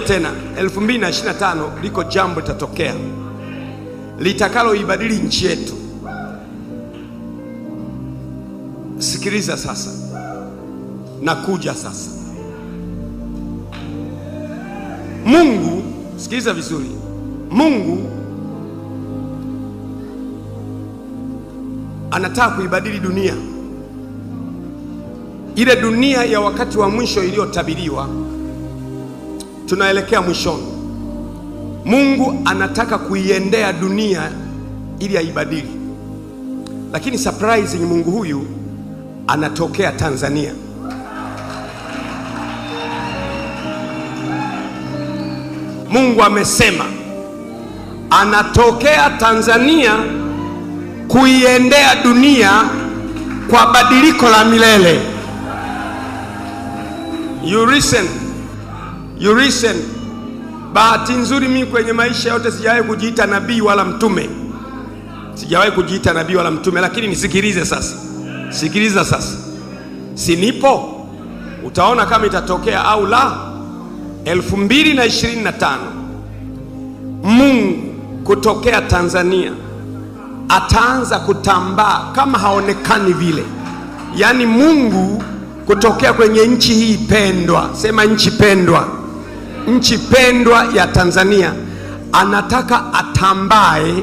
Tena 2025 liko jambo litatokea litakaloibadili nchi yetu. Sikiliza sasa, nakuja sasa. Mungu, sikiliza vizuri. Mungu anataka kuibadili dunia, ile dunia ya wakati wa mwisho iliyotabiriwa tunaelekea mwishoni. Mungu anataka kuiendea dunia ili aibadili, lakini surprising, Mungu huyu anatokea Tanzania. Mungu amesema anatokea Tanzania kuiendea dunia kwa badiliko la milele. You listen listen. Bahati nzuri mimi kwenye maisha yote sijawahi kujiita nabii wala mtume, sijawahi kujiita nabii wala mtume. Lakini nisikilize sasa, sikiliza sasa, sinipo utaona kama itatokea au la. 2025 Mungu kutokea Tanzania ataanza kutambaa kama haonekani vile, yaani Mungu kutokea kwenye nchi hii pendwa, sema nchi pendwa nchi pendwa ya Tanzania, anataka atambae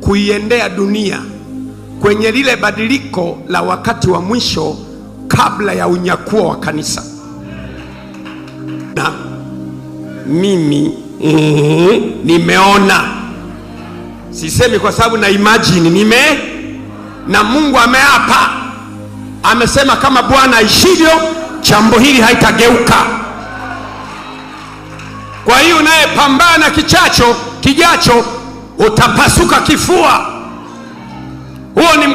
kuiendea dunia kwenye lile badiliko la wakati wa mwisho kabla ya unyakuo wa kanisa. Na mimi mm, nimeona, sisemi kwa sababu na imagine, nime na Mungu ameapa, amesema kama Bwana aishivyo, jambo hili haitageuka. Kwa hiyo naye pambana kichacho kijacho, utapasuka kifua. Huo ni